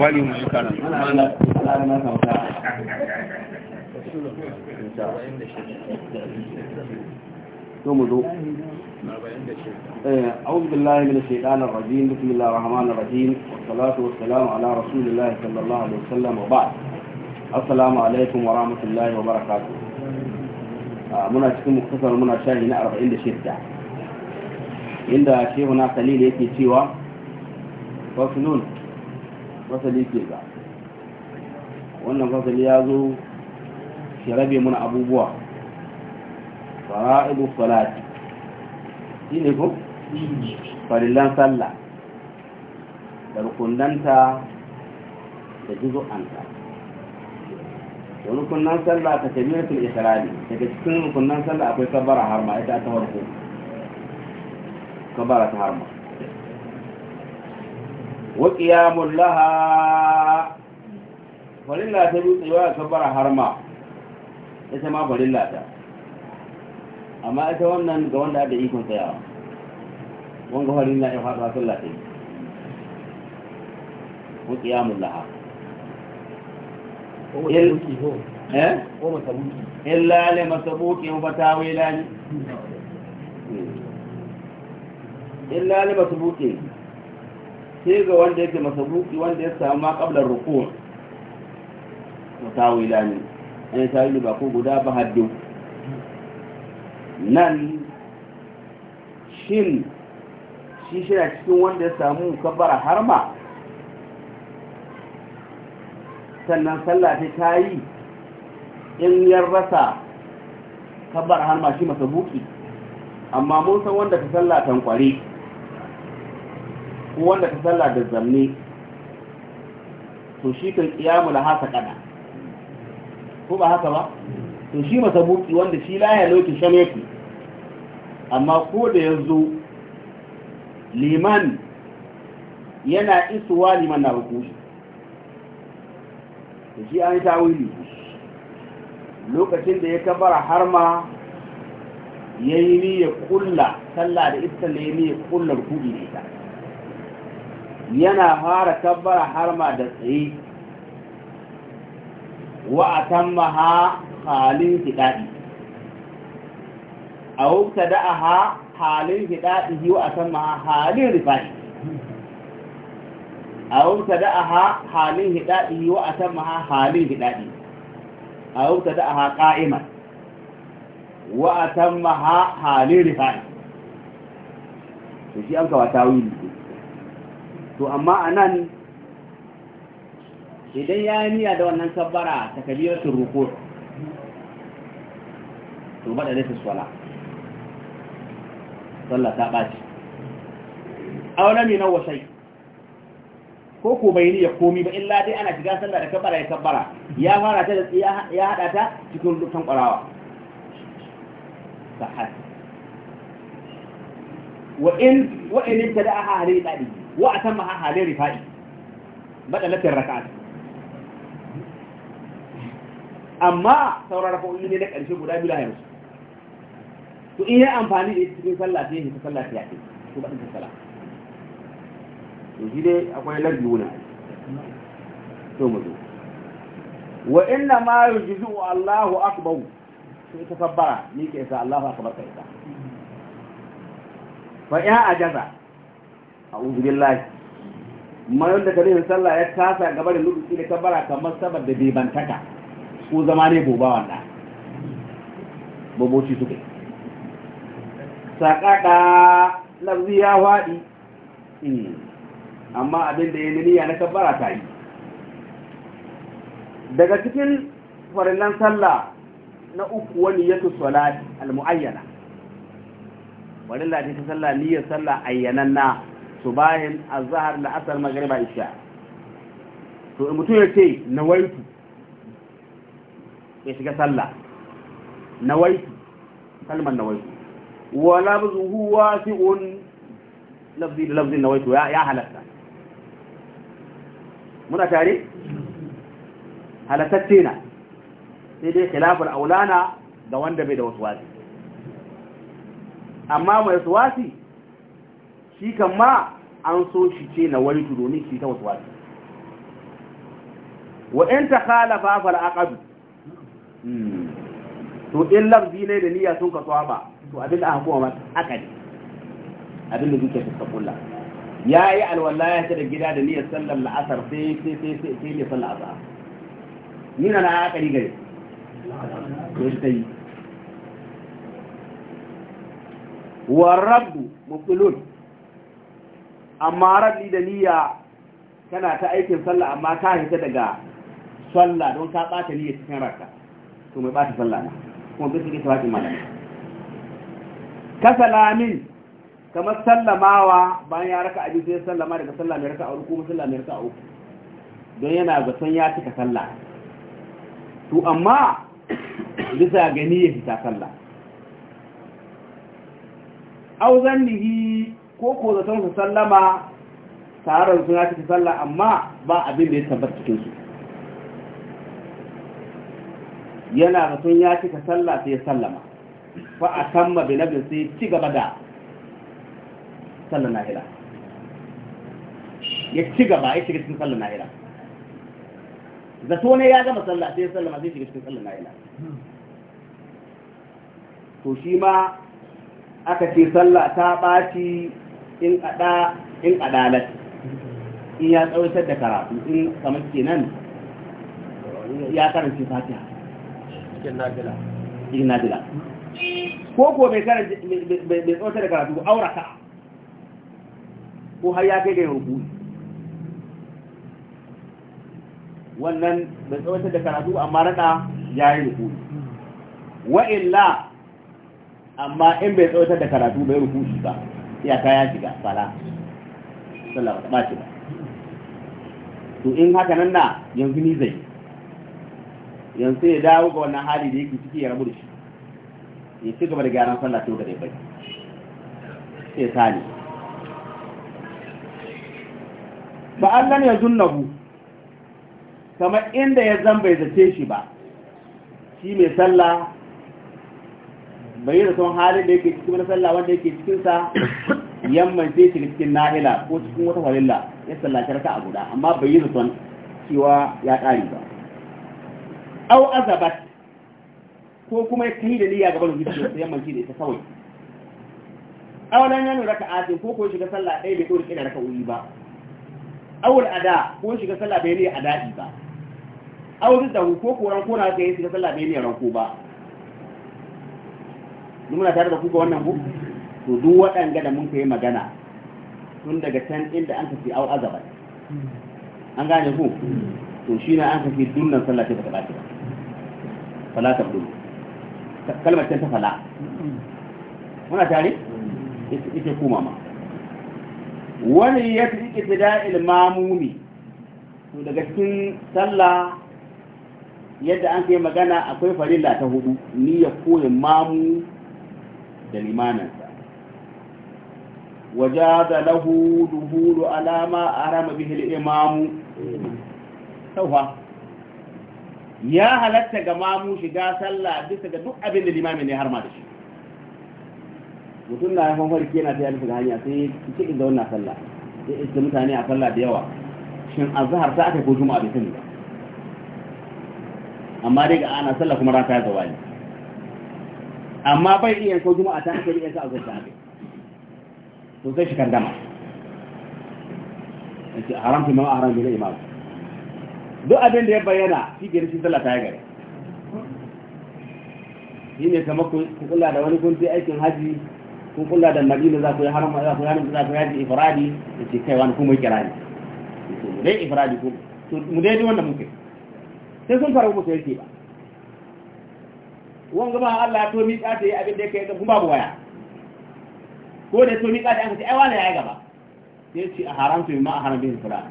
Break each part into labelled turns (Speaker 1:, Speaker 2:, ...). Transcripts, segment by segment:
Speaker 1: bari mu shekara to mu zo أعوذ بالله من الشيطان الرجيم بسم الله الرحمن الرحيم والصلاة والسلام على رسول الله صلى الله عليه وسلم وبعد السلام عليكم ورحمة الله وبركاته muna cikin muktasar muna shahi na 46 inda shehuna khalil yake cewa wasu fasali ke ga wannan fasali ya zo shi rabe mana abubuwa fara'idu salati shi ne ko? farillan salla da rukundanta da anta da rukunan salla ta tamiyatul ihrami daga cikin rukunan salla akwai sabara harma ita ta farko kabara ta harma wa qiyamul laha farilla ta dutse wa kabbara harma ita ma farilla amma ita wannan ga wanda da ikon tsayawa wanga farilla ya fada sallah ta wa qiyamul laha eh? illa le masabuki wa batawilani hmm. illa le masabuki sai ga wanda yake masabuki wanda ya samu ma qabla ruku' mutawilani ai tawilu ba ko guda ba haddu nan shin shi shi cikin wanda ya samu kabbara harma sannan sallah ta yi in ya rasa kabbara harma shi masabuki amma mun san wanda ta sallah kwari. ko wanda ta sallah da zanne to shi kan kiyamu la haka kana ko ba haka ba to shi masabuki wanda shi la ya loki shameki amma ko da yanzu liman yana isuwa liman na hukushi to shi an ta wuri lokacin da ya kabara har ma ya yi ni ya kulla sallah da ita ne ya kulla rukuni da ita yana fara kabbara harma da tsaye wa a tammaha halin hidaɗi a a da'aha halin hidaɗi wa a tammaha halin rifa'i a a da'aha halin hidaɗi wa a tammaha halin hidaɗi a a da'aha ƙa'imar, wa a tammaha halin rifa'i da shi an kawata wuli to amma a nan idan ya yi niyya da wannan sabbara ta kabiratun ruko to bada da nufin swala sallah ta ɓaci a wani ne na wasai ko ko bai niya komi ba illa dai ana shiga sallah da kabbara ya sabbara ya fara ta ya haɗa ta cikin dukkan ƙwarawa sahat wa in wa in ibtada ahali dadi wa a tamma ha halin rifa'i matsalatin raka'at amma ko raka'o'i ne na ƙarshe guda biyu lahayar su to in yi amfani da cikin sallah ta ta sallah ta yaƙi baɗin ta to shi dai akwai lardi wuna to mu zo wa inna ma yujizu Allahu akbar to ita kabbara ni ke sa Allahu akbar ka ita fa ya ajaza a uzubillahi mayon da kare sallah ya kasa gaba da lutsi da kabara kamar saboda da bantaka ko zama ne boba wanda boboci suke sakaka lafzi ya faɗi hmm. amma abin da ya niyya na kabara ta yi daga cikin farillan sallah na uku wani yato salat al-mu'ayyana farilla ce ta sallah niyyar sallah na. subahin azhar la'asar magriba isha to mutum ya ce nawaitu ya shiga sallah nawaitu kalmar nawaitu wa labzuhu wasi'un lafzi da na nawaitu ya halatta muna tare halattacce na sai dai khilafin aulana da wanda bai da wasu wasi amma mai wasi. shi kan ma an so shi ce na wani tu domin shi ta wasu wasu wa in ta khalafa fal aqab hmm. to in lafzi ne da niyya sun ka tsaba to abin da aka kuma akali abin da zuciya ta Ya yi alwala ya ce da gida da niyyar sallar la'asar sai sai sai sai sai ne sallar azhar ni na na akali gare to sai warabbu mufulun amma rabbi da niyya kana ta aikin sallah amma ka hita daga sallah don ka bata niyya cikin raka to mai bata sallah na kuma duk su ke tawaki malami ka salami kamar sallamawa bayan ya raka abin sai sallama daga sallah mai raka a uku kuma sallah mai raka a uku don yana san ya cika sallah to amma bisa gani ya fita sallah auzan lihi ko ko zaton su sallama taron suna cikin sallah amma ba abin da ya tabbata cikin su yana sun ya cika sallah sai ya sallama fa a tamma bi nabi sai ci gaba da sallah nahila ya ci gaba ya shiga cikin sallah nahila zato ne ya gama sallah sai ya sallama sai shiga cikin sallah nahila to shi ma aka ce sallah ta ɓaci in kada in adalat in ya tsawaitar da karatu in kamar nan ya karanta fatiha cikin nafila cikin nafila ko ko bai karanta bai tsawaitar da karatu ko aurata ko har ya kai ga yau wannan bai tsawaitar da karatu amma rada ya yi rubu wa illa amma in bai tsawaitar da karatu bai rubu shi ba iyaka ya shiga fara sallah ba ta ɓaci ba to in haka nan na yanzu ni zai yanzu ya dawo ga wannan hali da yake ciki ya rabu da shi ya ci gaba da gyaran sallah to ga dai bai sai sani ba Allah ya zunnahu kamar inda ya zan bai zace shi ba shi mai sallah bai da son halin da yake cikin sallah wanda yake cikin sa yamman sai shiga cikin nahila ko cikin wata halilla, ya sallaci raka'a guda amma bai da son cewa ya ƙari ba au azabat ko kuma ya kai da niyya gaban ubangiji sai yamman shi da ita kawai awalan ka raka'atin ko ko shiga sallah ɗaya bai dole kina uyi ba awul ada ko shiga sallah bai ne ada'i ba awul da ko koran kona sai shiga sallah bai ne ranko ba muna tare da ku ga wannan ku to duk waɗanda da mun kai magana tun daga can inda an tafi au azaba an gane ku to shi na an tafi dunnan sallah ce baka dace ba fala ta dun kalmar ta fala muna tare ita kuma ma. wani ya fi iktida'il mamumi to daga cikin sallah yadda an kai magana akwai farilla ta hudu niyya koyin mamu da limaninsa wajaza lahu duhulu alama arama bihi al-imam sauha ya halatta ga mamu shiga sallah bisa ga duk abin da limamin ne har ma da shi mutum na ya farki yana ta yalfi ga hanya sai cikin inda wannan sallah sai iska mutane a sallah da yawa shin azhar ta aka ko juma'a bai sani ba amma dai ga ana sallah kuma rata ya zawali amma bai iya yanko juma'a ta aka yi sa a zuwa ne to sai shi kan dama a haram kuma a haram ne imam duk abin da ya bayyana shi ke shi sallah ta gari shi ne kamar kukula da wani kun aikin haji kun kula da madina za ku yi haram za ku yi za ku yi da ke kai wani kuma kira ne dai ifiradi ku mu dai wanda muke sai sun fara musu yake ba wanga ba Allah to mi tsate yi abin da yake ga babu waya ko da to mi ta an ce ai wani yayi gaba sai ce a haram to ma haram bin fara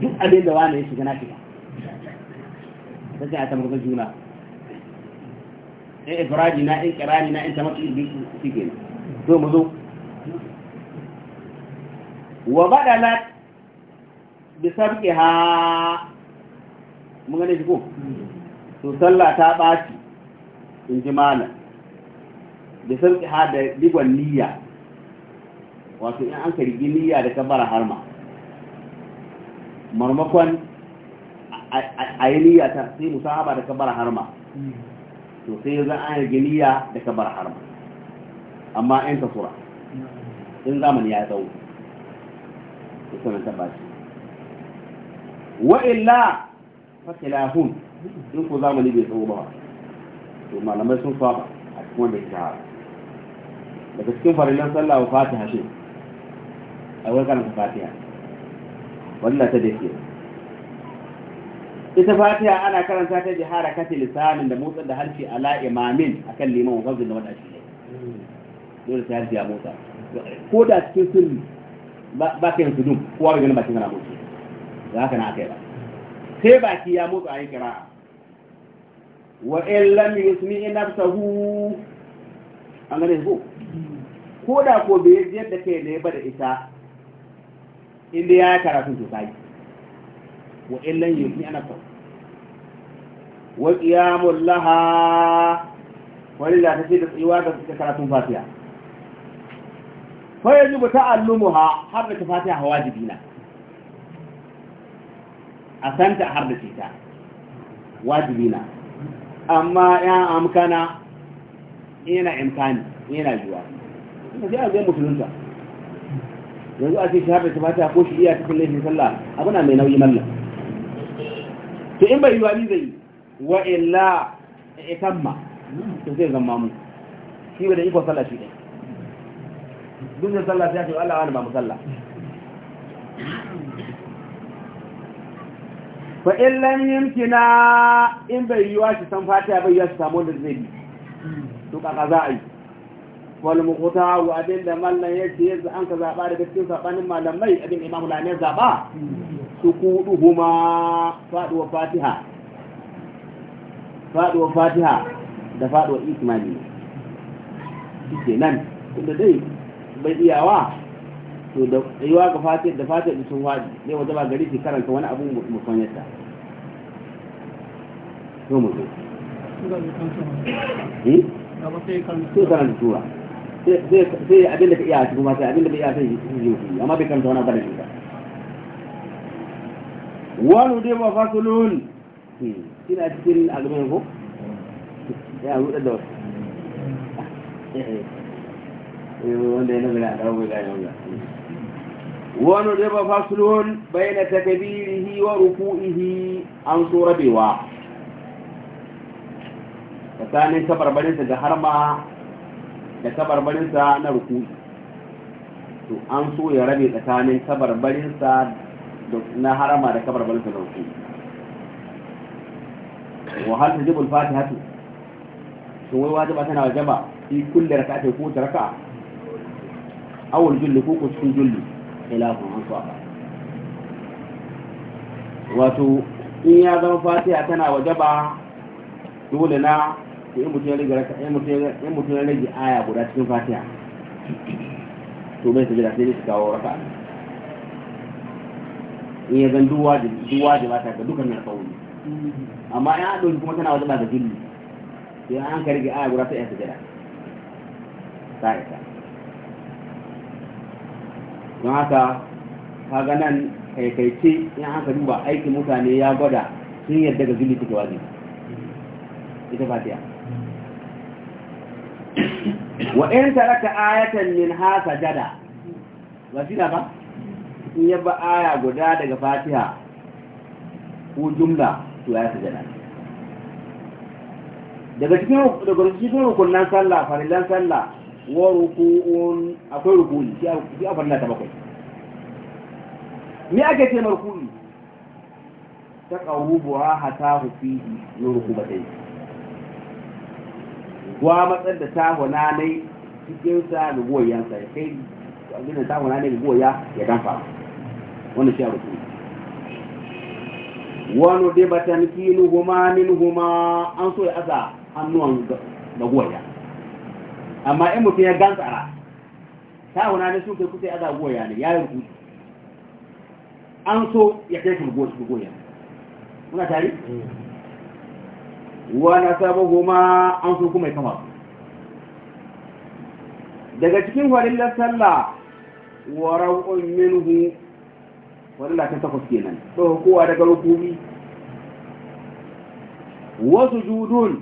Speaker 1: duk abin da wani ya gana na shiga sai a tambaye juna eh ibradi na in kirani na in tamattu bi shike to mu zo wa badalat bi sabqiha mun gane shi ko to sallah ta baci in ji malam da sarki ha da digon niyya wato in an kargi niyya da bara harma marmakon a yi niyya ta sai musahaba da bara harma to sai yanzu an yi niyya da bara harma amma in kasura in zamani ya tsawo ya sanar ta bashi wa'illa fasilahun in ku zamani bai tsawo ba to malamai sun saba a cikin wanda ya shahara daga cikin farilan sallah wa fatiha ce a wai karanta fatiha wannan ta da ke ita fatiha ana karanta ta jihara kati lisanin da motsa da harshe ala imamin akan liman wa gazin da wanda shi dole sai harshe ya motsa ko da cikin sirri ba ka yin sudum kowa bai gani bakin yana motsi da haka na aka yi ba sai baki ya motsa a yi kira'a wa illam yusmi nafsuhu an gane ko ko da ko bai yadda kai ne ba da ita inda ya karatu to sai wa illam yusmi nafsuhu wa qiyamul laha walilla ta ce da tsiwa da suka karatun fatiha fa yajibu ta'allumuha har da fatiha wajibi na a santa har da ta wajibi na amma ya amkana yana imkani yana juwa sai a zai musulunta yanzu a ce shahada ta fata ko shi iya cikin laifin sallah abuna mai nauyi mallam to in bai yiwa ni zai wa illa itamma to zai zama mu shi da iko sallah shi dai duk da sallah sai ya ce Allah wani ba mu sallah fa in lam yumkina in bai yiwa shi san fatiha bai ya samu da zai bi to kaka za ai yi wal muqta wa adin da mallan yace yanzu an ka zaba daga cikin sabanin malamai abin imamu ne zaba su kudu huma wa fatiha wa fatiha da faduwa ismani kenan nan tunda dai bai iyawa to da yiwa ga fatir da fatir da sun wadi ne wata ba gari ke karanta wani abu mu yadda to mu zo to hmm? hmm? karanta tura sai abin da ka iya cikin masu abin da ka iya sai yi yi amma bai karanta wani abin da shi ba wani dai ba fa kulun hmm. kina cikin al'ummar ko ya rudar da wasu eh, wanda ya nabi na ɗaukar gani wanda ونضرب فصل بين تكبيره وركوعه an سورة rabewa tsakanin tabarbarinsa da harma da tabarbarinsa na ruku to an so ya rabe tsakanin tabarbarinsa na harma da tabarbarinsa na ruku wa hal Fati hatu to wai ba tana wajaba fi kulli ce ko ta raka awul julli ko ko cikin julli khilafun an wato in ya zama fatiha tana wajaba dole na in mutum ya rage aya guda cikin fatiha to bai sabida sai su kawo raka in ya zan duwa da mata ga dukkan kawo amma ya an kuma tana wajaba da dilli sai an ka rage aya guda sai ya sabida ta isa don haka kaga nan kaikaice in ka duba aikin mutane ya gwada sun yarda ga zulmi take wajibi ita fatiya wa in taraka ayatan min ha sajada ba shi ba in ya ba aya guda daga fatiha ko jumla to ya sajada daga cikin rukunan sallah farilan sallah wa ruku'un akwai rukuni shi a farilla ta bakwai Ni ake ce rukuni ta qarubu rahatahu fihi yurku batai wa matsar da ta hona ne cikin sa da goyen sa kai abin da ta hona ne goya ya dan fara wannan shi ruku'i wani dibatan kinuhuma minhuma an so ya aza hannuwan da goya amma in mutum ya tsara ta wuna da sun kai kusa ya zagu ya ne ya yi rubutu an so ya kai shi rubutu goya muna tare mm. wa na sabo goma an so kuma ya kama su daga cikin warillar sallah wa raw'un hu warilla ta takwas kenan to kowa daga rukumi wasu judun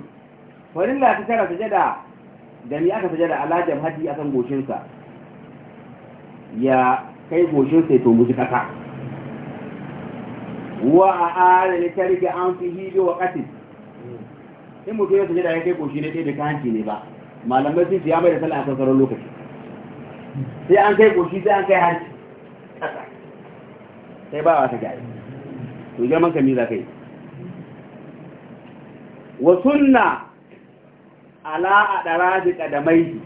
Speaker 1: warilla ta tara jada. da ni aka sajada ala jamhati akan goshinsa ya kai goshinsa ya tumbuci kasa wa a ara ne ta rike an fi hibe wa katin in mutum ya sajada ya kai goshi ne ɗaya da kanci ne ba malamai sun ce ya mai da sallah a sassarar lokaci sai an kai goshi sai an kai hanci sai ba ta gari to girman kamila kai wa sunna ala a ɗaraji ƙadamai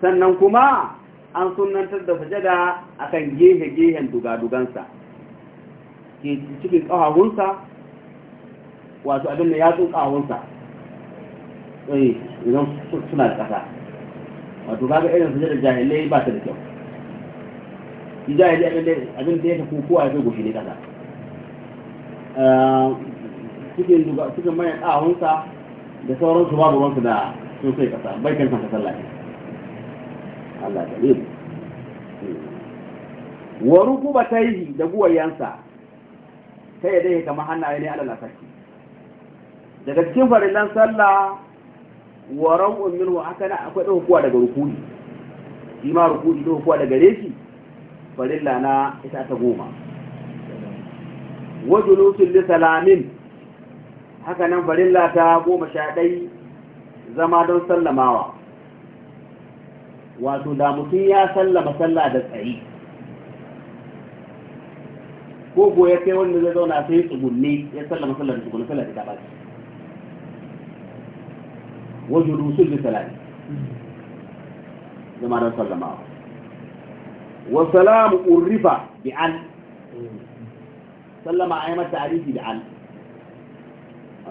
Speaker 1: sannan kuma an sunantar da sajada a kan gehe-gehen dugadugansa ke cikin ƙahahunsa wato abin da ya yatsun ƙahahunsa ɗaya eh, idan suna da ƙasa wato ga irin sajada jahilai ba ta da kyau yi jahilai abin da ya ta kukuwa ya fi goshi ne ƙasa eh, cikin mayan ƙahahunsa da sauransu babu wansu da sun sai kasa bai kan kanta sallah Allah ta limu eh. wa rukuba taihi da guwayansa ta yadda ya kama hannaye ne alal asaki daga cikin farillan sallah wa ra'u minhu haka akwai dokuwa daga rukuni shi ma rukuni dokuwa daga reshi farilla na ita ta goma wa julusul li salamin haka nan farilla ta goma sha ɗai zama don sallamawa wato da mutum ya sallama sallah da tsayi ko ko ya kai wanda zai zauna sai tsugunni ya sallama sallah da tsugunni sallah da ta ɓaci wajen rusul da salari zama don sallamawa wa salamu urrifa bi an sallama a yi mata arifi da an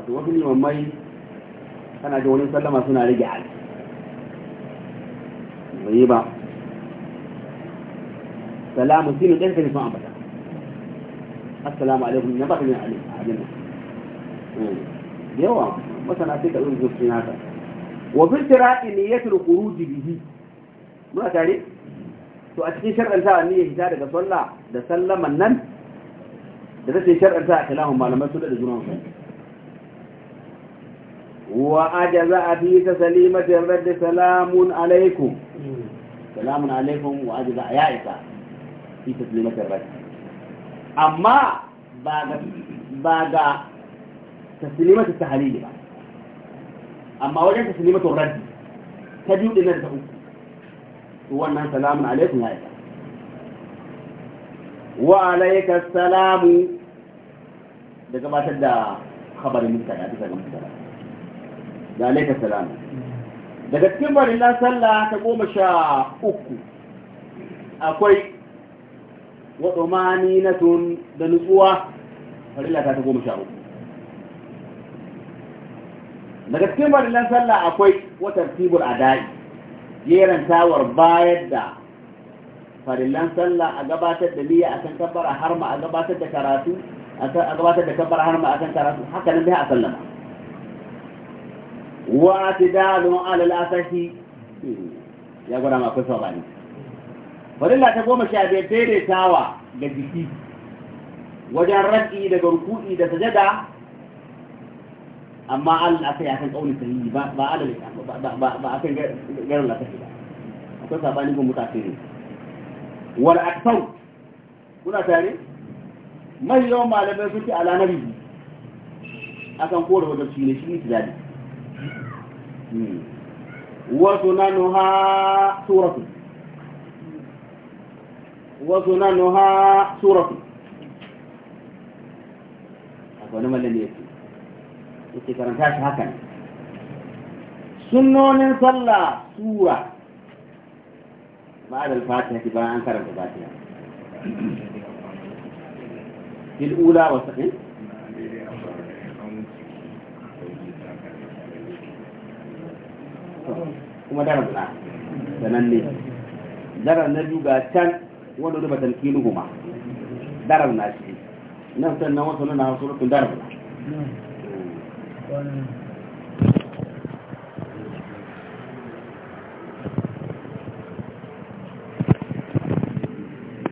Speaker 1: wato wasu limammai kana da wani sallama suna rage hali bai yi ba salamu sinu ɗan kai sun ambata assalamu alaikum na baka min alaikum alaikum eh, yawa masana sai ka ɗin zuwa nasa wa ne tira'i turu kuru bihi muna tare to a cikin shar'anta ne ya hita daga sallah da sallaman nan da take shar'anta a kalamun malamai sun da junan sallah wa aja za salima fi ta salimatin radda salamun alaikum salamun alaikum wa aji ya isa fi ta salimatin amma ba ga ta salimatin ta halili ba amma wajen ta salimatin radda ta biyu dinar da uku wannan salamun alaikum ya isa wa alaikar salamu daga batar da khabarin mutane a duka ga mutane da zalika salam daga cikin farillan sallah ta goma sha uku akwai waɗomani na tun da nutsuwa farilla ta ta goma sha uku daga cikin farillan sallah akwai watar tibur adai jeran tawar bayar da farillan sallah a gabatar da niyya a kan kabbara har ma a gabatar da karatu a gabatar da kabbara har ma a kan karatu haka nan dai a sallama wa tidalun ala al ya gwada ma kusa bani fadilla ta goma sha biyar daidaitawa ga jiki wajen raki daga ruku'i da sajada amma Allah aka ya kan kauli sahihi ba ba alal ba ba akan garin la sahihi ba akwai bani gun mutafiri wal aktau kuna tare mai yawan malamai suke ala nabi akan kore wajen shi ne shi ne tijadi وسننها سورة وسننها سورة wani malami ya ce yake sunnonin sallah tura ba'ad al-fatiha ki bayan an karanta kuma daren na sanan ne daren na biyu ga can wanda wani batan kilu kuma daren na shi nan sannan wasu nuna wasu rukun daren hmm. hmm. na